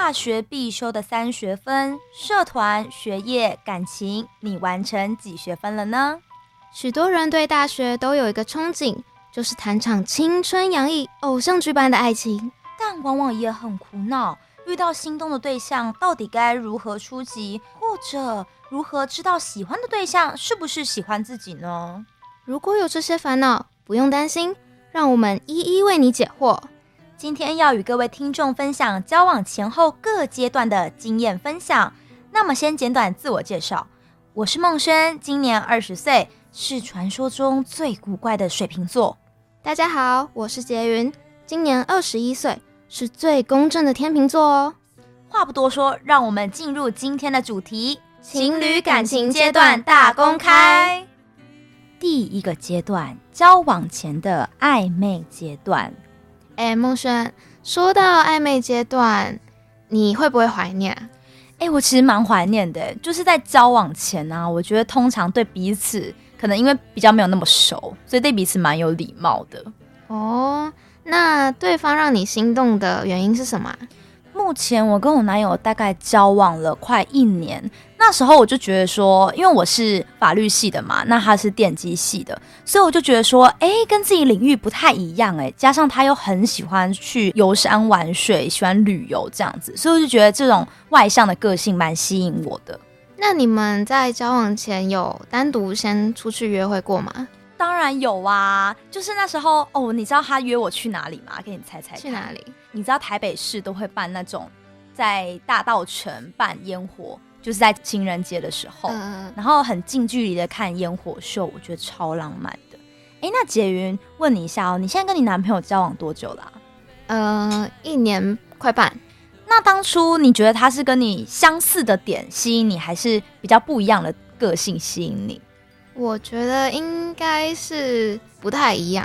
大學必修的三學分，社團、學業、感情，你完成幾學分了呢？許多人對大學都有一個憧憬，就是談場青春洋溢、偶像劇般的愛情，但往往也很苦惱，遇到心動的對象到底該如何出擊，或者如何知道喜歡的對象是不是喜歡自己呢？如果有這些煩惱，不用擔心，讓我們一一為你解惑。今天要與各位聽眾分享交往前後各階段的經驗分享。那麼，先簡短自我介紹，我是孟軒，今年二十歲，是傳說中最古怪的水瓶座。大家好，我是杰雲，今年二十一歲，是最公正的天秤座哦。話不多說，讓我們進入今天的主題：情侶感情階段大公開。第一個階段，交往前的曖昧階段。哎、欸，夢軒，說到曖昧階段，你會不會懷念？哎、欸，我其實蠻懷念的，就是在交往前啊，我覺得通常對彼此可能因為比較沒有那麼熟，所以對彼此蠻有禮貌的。哦，那對方讓你心動的原因是什麼？目前我跟我男友大概交往了快一年，那時候我就覺得說，因為我是法律系的嘛，那他是電機系的，所以我就覺得說，哎，欸，跟自己領域不太一樣，欸，誒，加上他又很喜歡去遊山玩水，喜歡旅遊這樣子，所以我就覺得這種外向的個性蠻吸引我的。那你們在交往前有單獨先出去約會過嗎？當然有啊，就是那時候哦，你知道他約我去哪裡嗎？給你猜猜，去哪裡？你知道台北市都會辦那種在大稻埕辦煙火，就是在情人節的時候，呃，然後很近距離的看煙火秀，我覺得超浪漫的。哎、欸，那姐雲問你一下哦，你現在跟你男朋友交往多久啦、啊？嗯、呃，一年快半。那當初你覺得他是跟你相似的點吸引你，還是比較不一樣的個性吸引你？我覺得應該是不太一樣。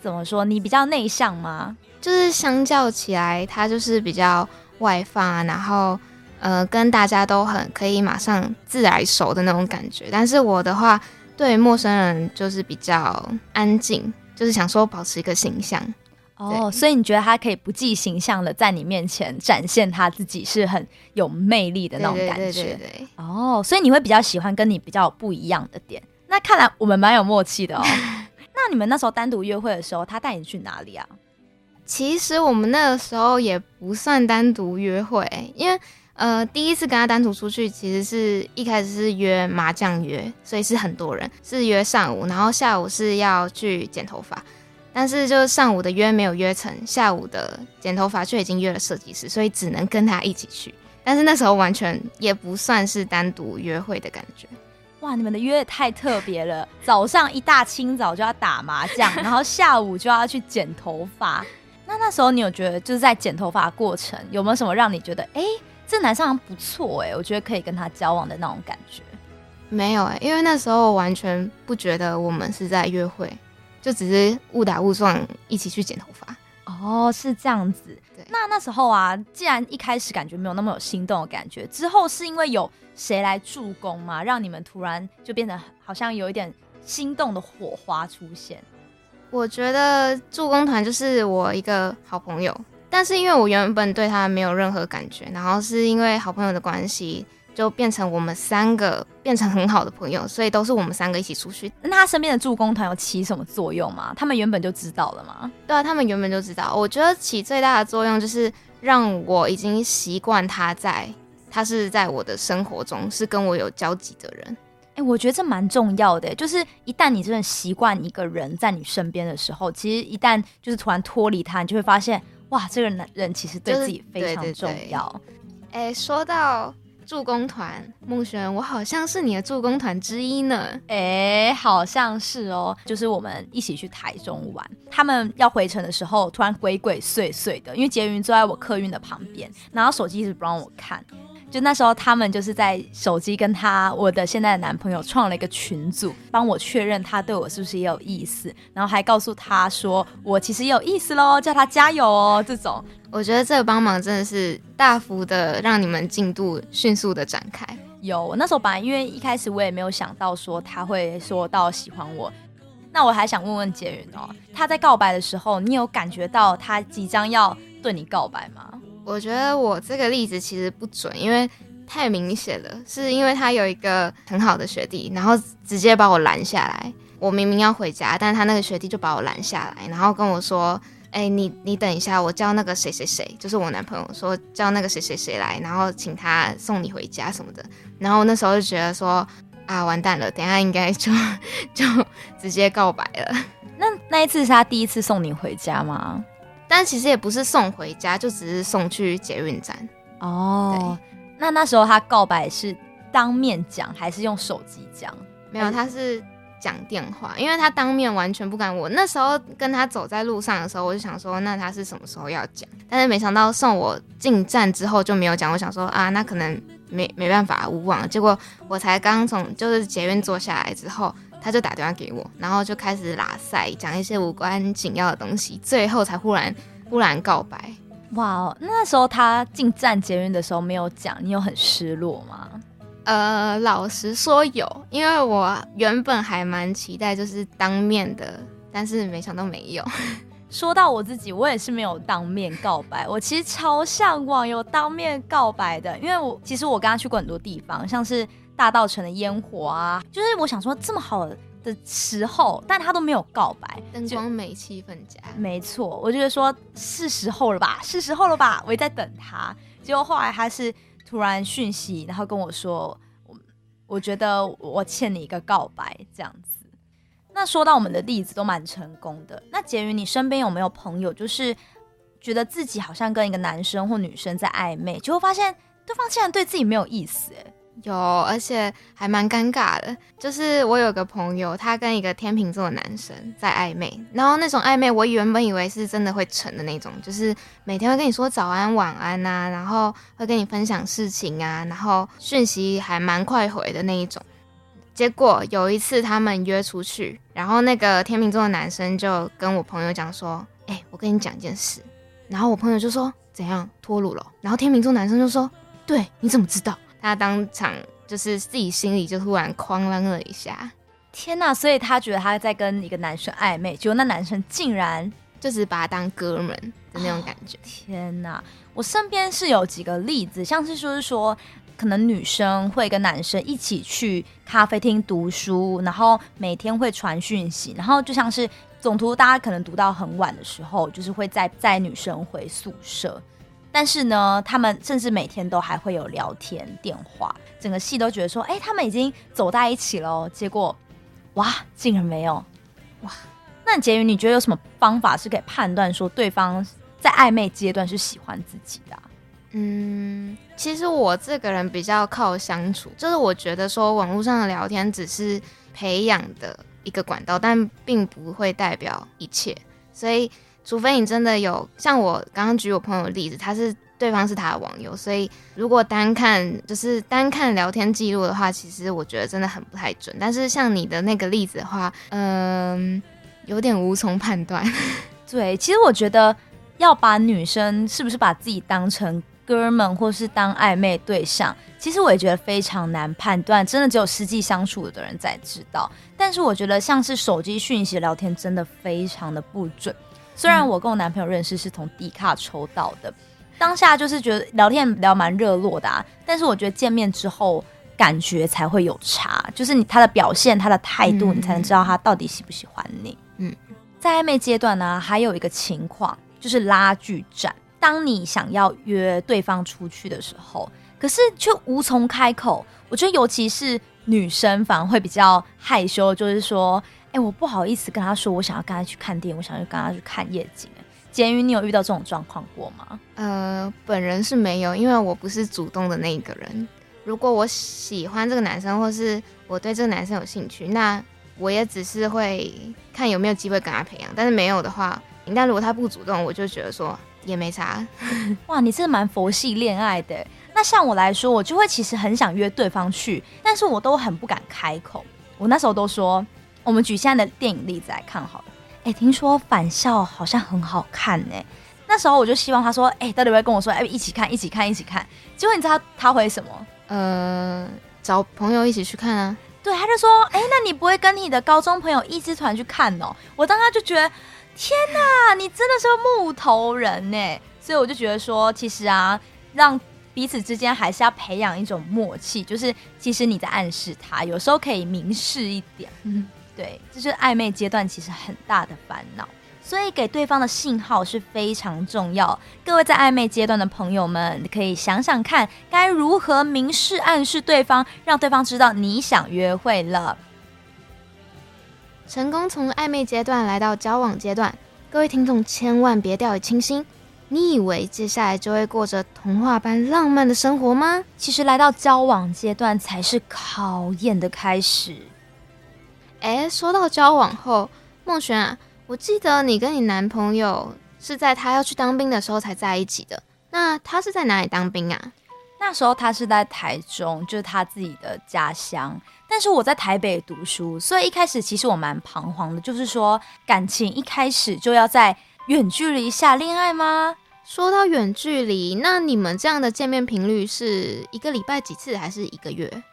怎麼說？你比較內向嗎？就是相較起來，他就是比較外放啊，然後呃，跟大家都很可以馬上自來熟的那種感覺。但是我的話，對陌生人就是比較安靜，就是想說保持一個形象。哦，所以你覺得他可以不計形象的在你面前展現他自己是很有魅力的那種感覺。對、對、對、對、對、對。哦，所以你會比較喜歡跟你比較不一樣的點。那看來我們蠻有默契的哦。 那你們那時候單獨約會的時候，他帶你去哪裡啊？其實我們那個時候也不算單獨約會，因為呃，第一次跟他單獨出去，其實是一開始是約麻將約，所以是很多人，是約上午，然後下午是要去剪頭髮。但是就是上午的約沒有約成，下午的剪頭髮卻已經約了設計師，所以只能跟他一起去。但是那時候完全也不算是單獨約會的感覺。哇，你們的約也太特別了， 早上一大清早就要打麻將，然後下午就要去剪頭髮。 那那時候你有覺得就是在剪頭髮的過程有沒有什麼讓你覺得，哎、欸，這男生不錯哎、欸，我覺得可以跟他交往的那種感覺？沒有哎、欸，因為那時候完全不覺得我們是在約會。就只是誤打誤撞一起去剪頭髮哦，是這樣子。對。那那時候啊，既然一開始感覺沒有那麼有心動的感覺，之後是因為有誰來助攻嗎？讓你們突然就變得好像有一點心動的火花出現。我覺得助攻團就是我一個好朋友，但是因為我原本對他沒有任何感覺，然後是因為好朋友的關係。就變成我們三個變成很好的朋友，所以都是我們三個一起出去。那他身邊的助攻團有起什麼作用嗎？他們原本就知道了嗎？對啊，他們原本就知道。我覺得起最大的作用就是讓我已經習慣他在，他是在我的生活中，是跟我有交集的人。哎、欸，我覺得這蠻重要的，就是一旦你真的習慣一個人在你身邊的時候，其實一旦就是突然脫離他，你就會發現哇，這個男人其實對自己、就是、非常重要。哎、欸，說到。助攻團，孟璇，我好像是你的助攻團之一呢。哎、欸，好像是哦。就是我們一起去台中玩，他們要回程的時候，突然鬼鬼祟祟的，因為杰雲坐在我客運的旁邊，然後手機一直不讓我看。就那時候，他們就是在手機跟他我的現在的男朋友創了一個群組，幫我確認他對我是不是也有意思，然後還告訴他說我其實也有意思嘍，叫他加油哦，這種。我覺得這個幫忙真的是大幅的讓你們進度迅速的展開。有，我那時候本來因為一開始我也沒有想到說他會說到喜歡我。那我還想問問杰云哦，他在告白的時候，你有感覺到他即將要對你告白嗎？我覺得我這個例子其實不準，因為太明顯了。是因為他有一個很好的學弟，然後直接把我攔下來。我明明要回家，但是他那個學弟就把我攔下來，然後跟我說。哎，你你等一下，我叫那個誰誰誰，就是我男朋友，說叫那個誰誰誰來，然後請他送你回家什麼的。然後那時候就覺得說啊，完蛋了，等下應該就就直接告白了。那那一次是他第一次送你回家嗎？但其實也不是送回家，就只是送去捷運站。哦，那那時候他告白是當面講還是用手機講？沒有，他是。講電話，因為他當面完全不敢我。我那時候跟他走在路上的時候，我就想說，那他是什麼時候要講？但是沒想到送我進站之後就沒有講。我想說啊，那可能沒沒辦法，無望。結果我才剛從就是捷運坐下來之後，他就打電話給我，然後就開始喇賽，講一些無關緊要的東西，最後才忽然忽然告白。哇，那時候他進站捷運的時候沒有講，你有很失落嗎？呃，老實說有，因為我原本還蠻期待，就是當面的，但是沒想到沒有。說到我自己，我也是沒有當面告白， 我其實超嚮往有當面告白的，因為我其實我跟他去過很多地方，像是大稻埕的煙火啊，就是我想說這麼好的時候，但他都沒有告白，燈光美氣氛佳，沒錯，我就是說是時候了吧，是時候了吧，我也在等他，結果後來他是。突然訊息，然後跟我說，我我覺得我，我欠你一個告白，這樣子。那說到我們的例子都蠻成功的。那婕妤，你身邊有沒有朋友，就是覺得自己好像跟一個男生或女生在曖昧，結果發現對方竟然對自己沒有意思誒？有，而且還蠻尷尬的。就是我有個朋友，他跟一個天秤座的男生在曖昧，然後那種曖昧，我原本以為是真的會成的那種，就是每天會跟你說早安、晚安啊，然後會跟你分享事情啊，然後訊息還蠻快回的那一種。結果有一次他們約出去，然後那個天秤座的男生就跟我朋友講說：“哎、欸，我跟你講一件事。”然後我朋友就說：“怎樣？脫魯了？”然後天秤座的男生就說：“對，你怎麼知道？”他當場就是自己心裡就突然哐啷了一下，天哪、啊！所以他覺得他在跟一個男生曖昧，結果那男生竟然就是把他當哥們的那種感覺。哦、天哪、啊！我身邊是有幾個例子，像是就是說，可能女生會跟男生一起去咖啡廳讀書，然後每天會傳訊息，然後就像是總圖大家可能讀到很晚的時候，就是會再載女生回宿舍。但是呢，他們甚至每天都還會有聊天、電話，整個戲都覺得說，哎、欸，他們已經走在一起了、喔。結果，哇，竟然沒有！哇，那杰云，你覺得有什麼方法是可以判斷說對方在曖昧階段是喜歡自己的、啊？嗯，其實我這個人比較靠相處，就是我覺得說網絡上的聊天只是培養的一個管道，但並不會代表一切，所以。除非你真的有像我剛剛舉我朋友的例子，他是對方是他的網友，所以如果單看就是單看聊天記錄的話，其實我覺得真的很不太準。但是像你的那個例子的話，嗯、呃，有點無從判斷。對，其實我覺得要把女生是不是把自己當成哥們，或是當曖昧對象，其實我也覺得非常難判斷。真的只有實際相處的人才知道。但是我覺得像是手機訊息聊天，真的非常的不準。雖然我跟我男朋友認識是從迪卡抽到的，當下就是覺得聊天聊蠻熱絡的，啊，但是我覺得見面之後感覺才會有差，就是你他的表現、他的態度，你才能知道他到底喜不喜歡你。嗯，嗯，在曖昧階段呢，還有一個情況就是拉鋸戰。當你想要約對方出去的時候，可是卻無從開口。我覺得尤其是女生反而會比較害羞，就是說。哎、欸，我不好意思跟他說，我想要跟他去看電影，我想要跟他去看夜景。簡云，你有遇到這種狀況過嗎？呃，本人是沒有，因為我不是主動的那一個人。如果我喜歡這個男生，或是我對這個男生有興趣，那我也只是會看有沒有機會跟他培養。但是沒有的話，那如果他不主動，我就覺得說也沒啥。 哇，你真的蠻佛系戀愛的。那像我來說，我就會其實很想約對方去，但是我都很不敢開口。我那時候都說。我們舉現在的電影例子來看好了。哎，聽說《返校》好像很好看哎，那時候我就希望他說，哎，到底會跟我說，哎，一起看，一起看，一起看？結果你知道他回什麼？呃，找朋友一起去看啊。對，他就說，哎，那你不會跟你的高中朋友一支團去看哦？我當時就覺得，天哪，你真的是個木頭人呢。所以我就覺得說，其實啊，讓彼此之間還是要培養一種默契，就是其實你在暗示他，有時候可以明示一點。嗯。對，這是曖昧階段其實很大的煩惱，所以給對方的信號是非常重要。各位在曖昧階段的朋友們，你可以想想看該如何明示暗示對方，讓對方知道你想約會了。成功從曖昧階段來到交往階段，各位聽眾千萬別掉以輕心。你以為接下來就會過着童話般浪漫的生活嗎？其實來到交往階段才是考驗的開始。哎，說到交往後，夢璇啊，我記得你跟你男朋友是在他要去當兵的時候才在一起的。那他是在哪裡當兵啊？那時候他是在台中，就是他自己的家鄉。但是我在台北讀書，所以一開始其實我蠻彷徨的，就是說感情一開始就要在遠距離下戀愛嗎？說到遠距離，那你們這樣的見面頻率是一個禮拜幾次，還是一個月？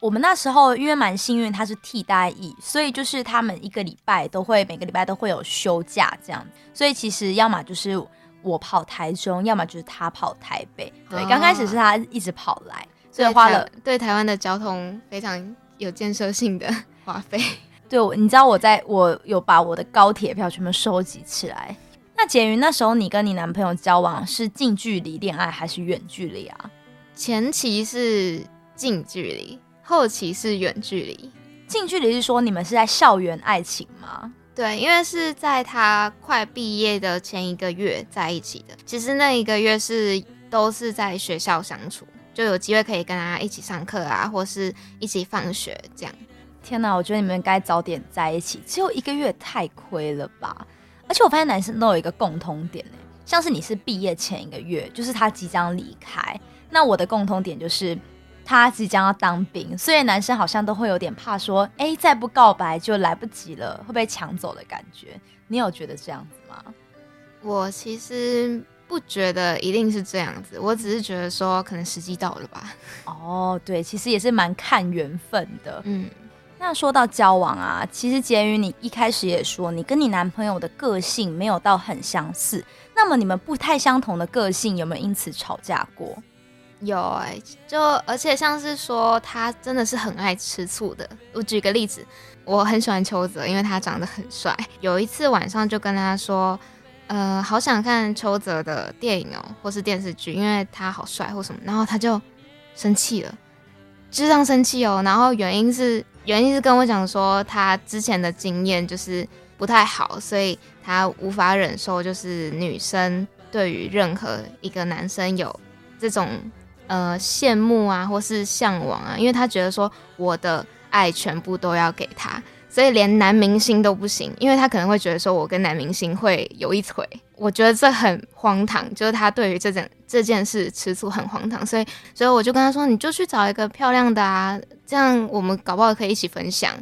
我們那時候因為蠻幸運，他是替代役。所以就是他們一個禮拜都會每個禮拜都會有休假這樣，所以其實要麼就是我跑台中，要麼就是他跑台北。對，哦、剛開始是他一直跑來，所以花了以台對台灣的交通非常有建設性的花費。 對，你知道我在我有把我的高鐵票全部收集起來。那杰云，那時候你跟你男朋友交往是近距離戀愛還是遠距離啊？前期是近距離。後期是遠距離，近距離是說你們是在校園愛情嗎？對，因為是在他快畢業的前一個月在一起的。其實那一個月是都是在學校相處，就有機會可以跟他一起上課啊，或是一起放學這樣。天哪、啊，我覺得你們該早點在一起，只有一個月太虧了吧！而且我發現男生都有一個共通點、欸、像是你是畢業前一個月，就是他即將離開。那我的共通點就是。他即將要當兵，所以男生好像都會有點怕，說：“哎、欸，再不告白就來不及了，會被搶走的感覺。”你有覺得這樣子嗎？我其實不覺得一定是這樣子，我只是覺得說可能時機到了吧。哦，對，其實也是蠻看緣分的。嗯，那說到交往啊，其實結於你一開始也說你跟你男朋友的個性沒有到很相似，那麼你們不太相同的個性有沒有因此吵架過？有哎、欸，就而且像是說他真的是很愛吃醋的。我舉個例子，我很喜歡邱澤，因為他長得很帥。有一次晚上就跟他說，呃，好想看邱澤的電影哦、喔，或是電視劇，因為他好帥或什麼。然後他就生氣了，就這樣生氣哦。然後原因是原因是跟我講說他之前的經驗就是不太好，所以他無法忍受就是女生對於任何一個男生有這種。呃，羨慕啊，或是嚮往啊，因為他覺得說我的愛全部都要給他，所以連男明星都不行，因為他可能會覺得說我跟男明星會有一腿。我覺得這很荒唐，就是他對於這件這件事吃醋很荒唐，所以所以我就跟他說，你就去找一個漂亮的啊，這樣我們搞不好可以一起分享。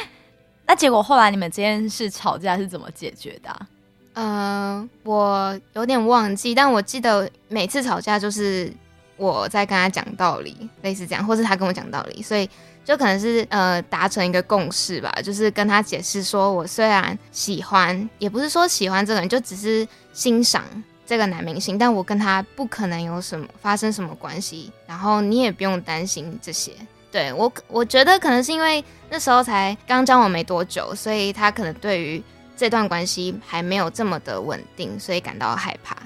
那結果後來你們這件事吵架是怎麼解決的啊？呃，我有點忘記，但我記得每次吵架就是。我在跟他講道理，類似這樣，或是他跟我講道理，所以就可能是呃達成一個共識吧，就是跟他解釋說我雖然喜歡，也不是說喜歡這個人，就只是欣賞這個男明星，但我跟他不可能有什麼發生什麼關係，然後你也不用擔心這些。對，我，我覺得可能是因為那時候才剛交往沒多久，所以他可能對於這段關係還沒有這麼的穩定，所以感到害怕。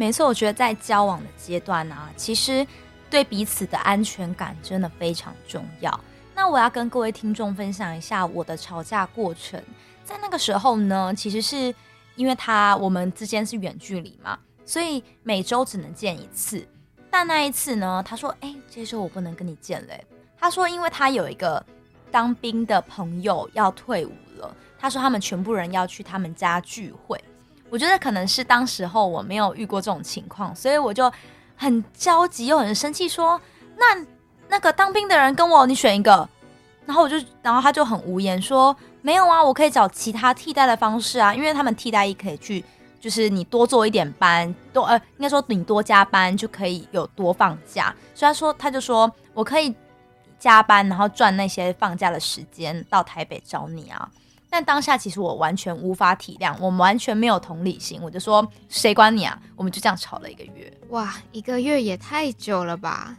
沒錯，我覺得在交往的階段呢、啊，其實對彼此的安全感真的非常重要。那我要跟各位聽眾分享一下我的吵架過程。在那個時候呢，其實是因為他我們之間是遠距離嘛，所以每周只能見一次。但那一次呢，他說：“哎、欸，這周我不能跟你見嘞、欸。”他說：“因為他有一個當兵的朋友要退伍了，他說他們全部人要去他們家聚會。”我覺得可能是當時候我沒有遇過這種情況，所以我就很焦急又很生氣，說：“那那個當兵的人跟我，你選一個。”然後我就，然後他就很無言，說：“沒有啊，我可以找其他替代的方式啊，因為他們替代役可以去，就是你多做一點班，多呃，應該說你多加班就可以有多放假。雖然說他就說我可以加班，然後賺那些放假的時間到台北找你啊。”但當下其實我完全無法體諒，我們完全沒有同理心，我就說誰管你啊？我們就這樣吵了一個月，哇，一個月也太久了吧？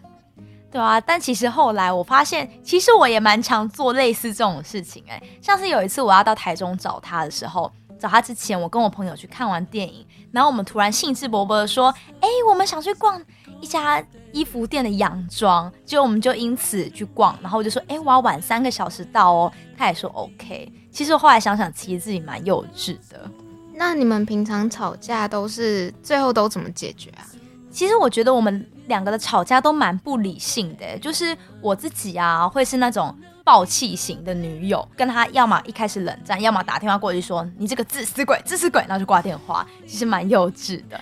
對啊，但其實後來我發現，其實我也蠻常做類似這種事情哎。像是有一次我要到台中找他的時候，找他之前我跟我朋友去看完電影，然後我們突然興致勃勃的說，哎，我們想去逛一家。衣服店的洋裝，就我們就因此去逛，然後我就說：“欸，我要晚三個小時到喔。”他也說：“OK。”其實我後來想想，其實自己蠻幼稚的。那你們平常吵架都是最後都怎麼解決啊？其實我覺得我們兩個的吵架都蠻不理性的欸，就是我自己啊，會是那種爆氣型的女友，跟他要麼一開始冷戰，要麼打電話過去說：“你這個自私鬼，自私鬼！”然後就掛電話。其實蠻幼稚的，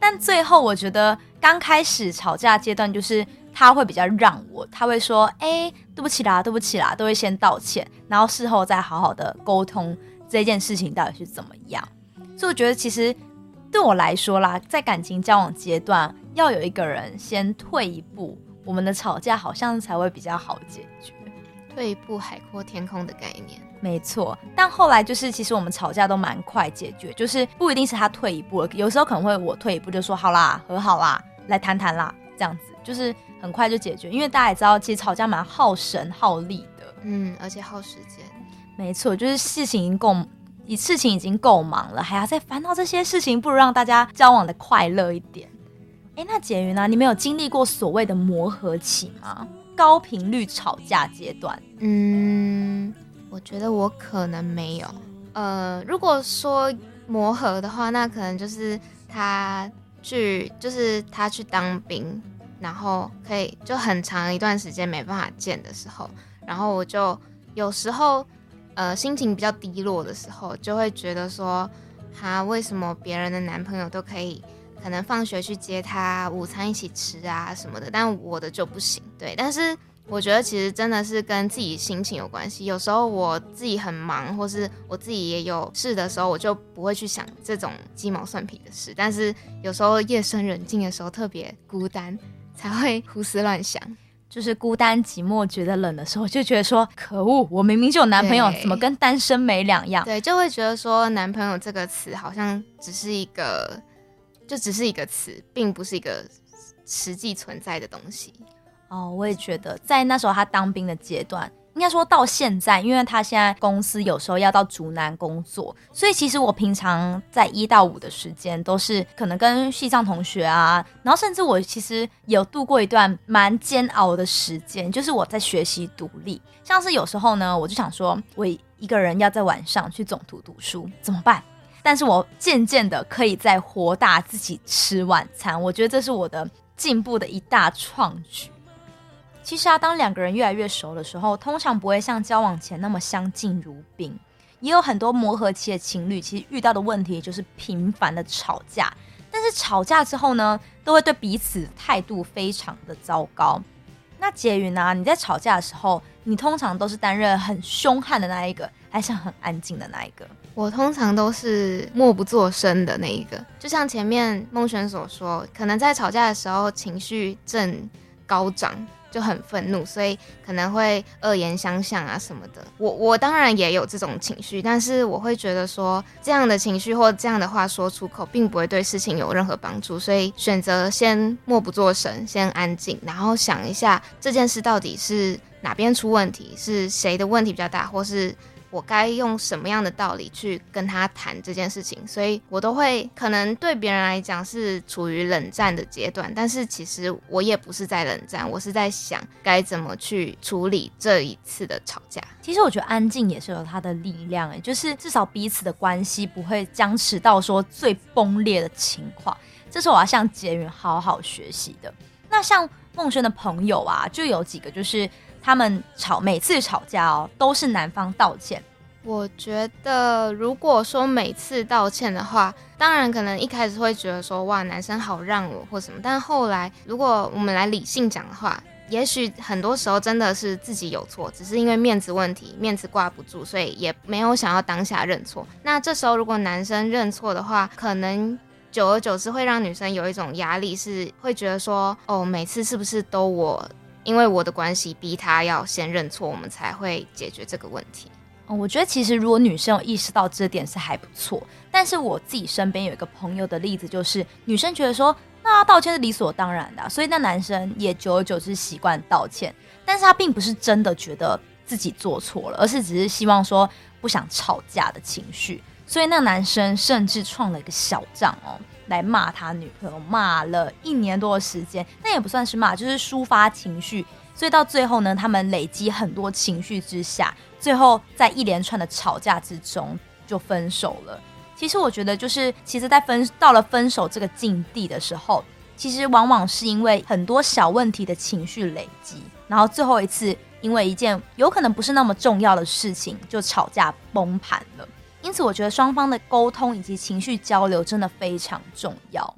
但最後我覺得。剛開始吵架階段，就是他會比較讓我，他會說，哎、欸，對不起啦，對不起啦，都會先道歉，然後事後再好好的溝通這件事情到底是怎麼樣。所以我覺得其實對我來說啦，在感情交往階段，要有一個人先退一步，我們的吵架好像才會比較好解決。退一步海闊天空的概念，沒錯。但後來就是其實我們吵架都蠻快解決，就是不一定是他退一步，有時候可能會我退一步，就說好啦，和好啦。來談談啦，這樣子就是很快就解決，因為大家也知道，其實吵架蠻耗神耗力的，嗯，而且耗時間。沒錯，就是事情已經夠，事情已經夠忙了，還要再煩惱這些事情，不如讓大家交往的快樂一點。哎、欸，那簡雲呢？你們有經歷過所謂的磨合期嗎？高頻率吵架階段？嗯，我覺得我可能沒有。呃，如果說磨合的話，那可能就是他。去就是他去當兵，然後可以就很長一段時間沒辦法見的時候，然後我就有時候呃心情比較低落的時候，就會覺得說，他為什麼別人的男朋友都可以，可能放學去接他，午餐一起吃啊什麼的，但我的就不行，對，但是。我覺得其實真的是跟自己心情有關係。有時候我自己很忙，或是我自己也有事的時候，我就不會去想這種雞毛蒜皮的事。但是有時候夜深人靜的時候，特別孤單，才會胡思亂想。就是孤單寂寞，覺得冷的時候，就覺得說可惡，我明明就有男朋友，怎麼跟單身沒兩樣？對，就會覺得說“男朋友”這個詞好像只是一個，就只是一個詞，並不是一個實際存在的東西。哦，我也覺得在那時候他當兵的階段，應該說到現在，因為他現在公司有時候要到竹南工作，所以其實我平常在一到五的時間都是可能跟系上同學啊，然後甚至我其實有度過一段蠻煎熬的時間，就是我在學習獨立，像是有時候呢，我就想說我一個人要在晚上去總圖讀書怎麼辦？但是我漸漸的可以在活大自己吃晚餐，我覺得這是我的進步的一大創舉。其實啊，當兩個人越來越熟的時候，通常不會像交往前那麼相敬如賓。也有很多磨合期的情侶，其實遇到的問題就是頻繁的吵架。但是吵架之後呢，都會對彼此態度非常的糟糕。那結雲啊，你在吵架的時候，你通常都是擔任很凶悍的那一個，還是很安靜的那一個？我通常都是默不作聲的那一個。就像前面孟軒所說，可能在吵架的時候情緒正高漲。就很憤怒，所以可能會惡言相向啊什麼的。我我當然也有這種情緒，但是我會覺得說這樣的情緒或這樣的話說出口，並不會對事情有任何幫助，所以選擇先默不作聲，先安靜，然後想一下這件事到底是哪邊出問題，是誰的問題比較大，或是。我該用什麼樣的道理去跟他談這件事情？所以我都會可能對別人來講是處於冷戰的階段，但是其實我也不是在冷戰，我是在想該怎麼去處理這一次的吵架。其實我覺得安靜也是有它的力量，誒，就是至少彼此的關係不會僵持到說最崩裂的情況。這是我要向杰雲好好學習的。那像孟軒的朋友啊，就有幾個就是。他們吵，每次吵架哦，都是男方道歉。我覺得，如果說每次道歉的話，當然可能一開始會覺得說哇，男生好讓我或什麼，但後來如果我們來理性講的話，也許很多時候真的是自己有錯，只是因為面子問題，面子掛不住，所以也沒有想要當下認錯。那這時候如果男生認錯的話，可能久而久之會讓女生有一種壓力，是會覺得說哦，每次是不是都我？因為我的關係，逼他要先認錯，我們才會解決這個問題。哦，我覺得其實，如果女生有意識到這點是還不錯。但是我自己身邊有一個朋友的例子，就是女生覺得說，那道歉是理所當然的啊，所以那男生也久而久之習慣道歉。但是他並不是真的覺得自己做錯了，而是只是希望說不想吵架的情緒。所以那男生甚至創了一個小賬哦。來罵他女朋友，罵了一年多的時間，那也不算是罵，就是抒發情緒。所以到最後呢，他們累積很多情緒之下，最後在一連串的吵架之中就分手了。其實我覺得，就是其實，在分到了分手這個境地的時候，其實往往是因為很多小問題的情緒累積，然後最後一次因為一件有可能不是那麼重要的事情就吵架崩盤了。因此，我覺得雙方的溝通以及情緒交流真的非常重要。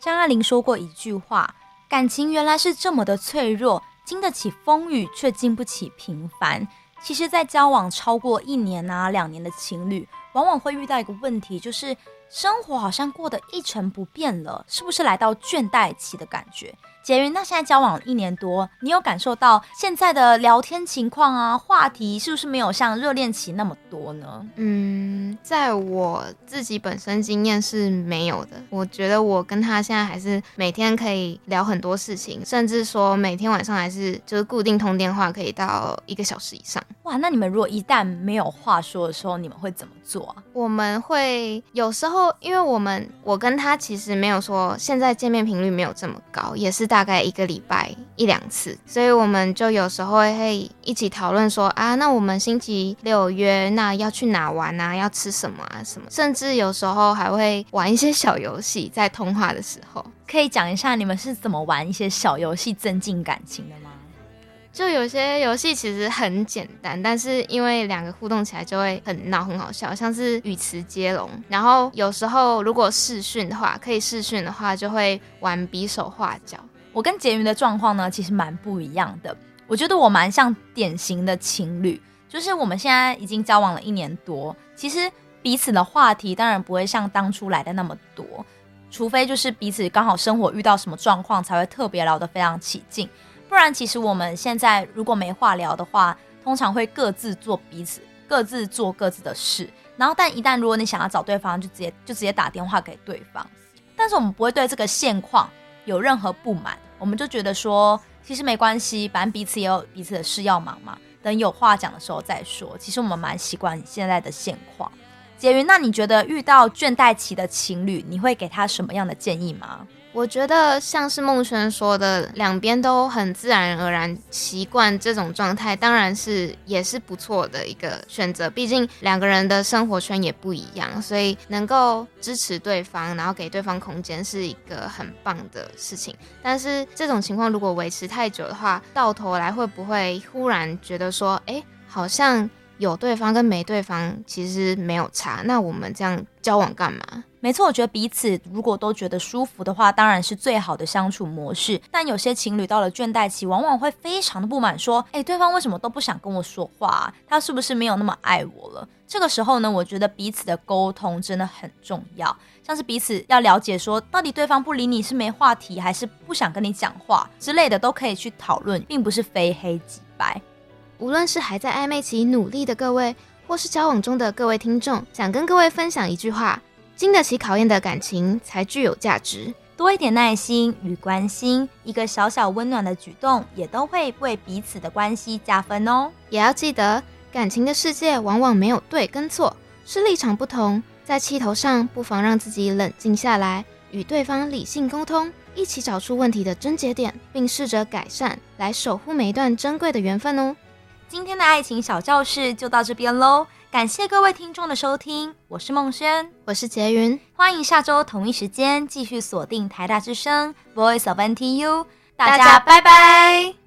張愛玲說過一句話：“感情原來是這麼的脆弱，經得起風雨，卻經不起平凡。”其實，在交往超過一年啊、兩年的情侶，往往會遇到一個問題，就是生活好像過得一成不變了，是不是來到倦怠期的感覺？杰雲，那現在交往了一年多，你有感受到現在的聊天情況啊，話題是不是沒有像熱戀期那麼多呢？嗯，在我自己本身經驗是沒有的。我覺得我跟他現在還是每天可以聊很多事情，甚至說每天晚上還是就是固定通電話，可以到一個小時以上。哇，那你們如果一旦沒有話說的時候，你們會怎麼做啊？我們會有時候，因為我們我跟他其實沒有說現在見面頻率沒有這麼高，也是大概一個禮拜一兩次，所以我們就有時候會一起討論說啊，那我們星期六約，那要去哪玩啊？要吃什麼啊？什麼？甚至有時候還會玩一些小遊戲，在通話的時候。可以講一下你們是怎麼玩一些小遊戲增進感情的嗎？就有些遊戲其實很簡單，但是因為兩個互動起來就會很鬧很好笑，像是語詞接龍。然後有時候如果視訊的話，可以視訊的話就會玩比手畫腳。我跟婕妤的狀況呢，其實蠻不一樣的。我覺得我蠻像典型的情侶，就是我們現在已經交往了一年多，其實彼此的話題當然不會像當初來的那麼多，除非就是彼此剛好生活遇到什麼狀況，才會特別聊得非常起勁。不然，其實我們現在如果沒話聊的話，通常會各自做彼此各自做各自的事。然後，但一旦如果你想要找對方，就直接就直接打電話給對方。但是我們不會對這個現況有任何不滿。我們就覺得說，其實沒關係，反正彼此也有彼此的事要忙嘛，等有話講的時候再說。其實我們蠻習慣現在的現況。杰云，那你覺得遇到倦怠期的情侶，你會給他什麼樣的建議嗎？我覺得像是夢軒說的，兩邊都很自然而然習慣這種狀態，當然是也是不錯的一個選擇。畢竟兩個人的生活圈也不一樣，所以能夠支持對方，然後給對方空間，是一個很棒的事情。但是這種情況如果維持太久的話，到頭來會不會忽然覺得說，哎，好像有對方跟沒對方其實沒有差，那我們這樣交往幹嘛？沒錯，我覺得彼此如果都覺得舒服的話，當然是最好的相處模式。但有些情侶到了倦怠期，往往會非常的不滿，說：“誒，對方為什麼都不想跟我說話啊？他是不是沒有那麼愛我了？”這個時候呢，我覺得彼此的溝通真的很重要，像是彼此要了解說，說到底對方不理你是沒話題，還是不想跟你講話之類的，都可以去討論，並不是非黑即白。無論是還在曖昧期努力的各位，或是交往中的各位聽眾，想跟各位分享一句話。經得起考驗的感情才具有價值，多一點耐心與關心，一個小小溫暖的舉動也都會為彼此的關係加分哦。也要記得，感情的世界往往沒有對跟錯，是立場不同。在氣頭上，不妨讓自己冷靜下來，與對方理性溝通，一起找出問題的症結點，並試着改善，來守護每一段珍貴的緣分哦。今天的愛情小教室就到這邊嘍。感謝各位聽眾的收聽，我是夢軒，我是杰雲，歡迎下周同一時間繼續鎖定台大之聲，Voice of NTU，大家拜拜。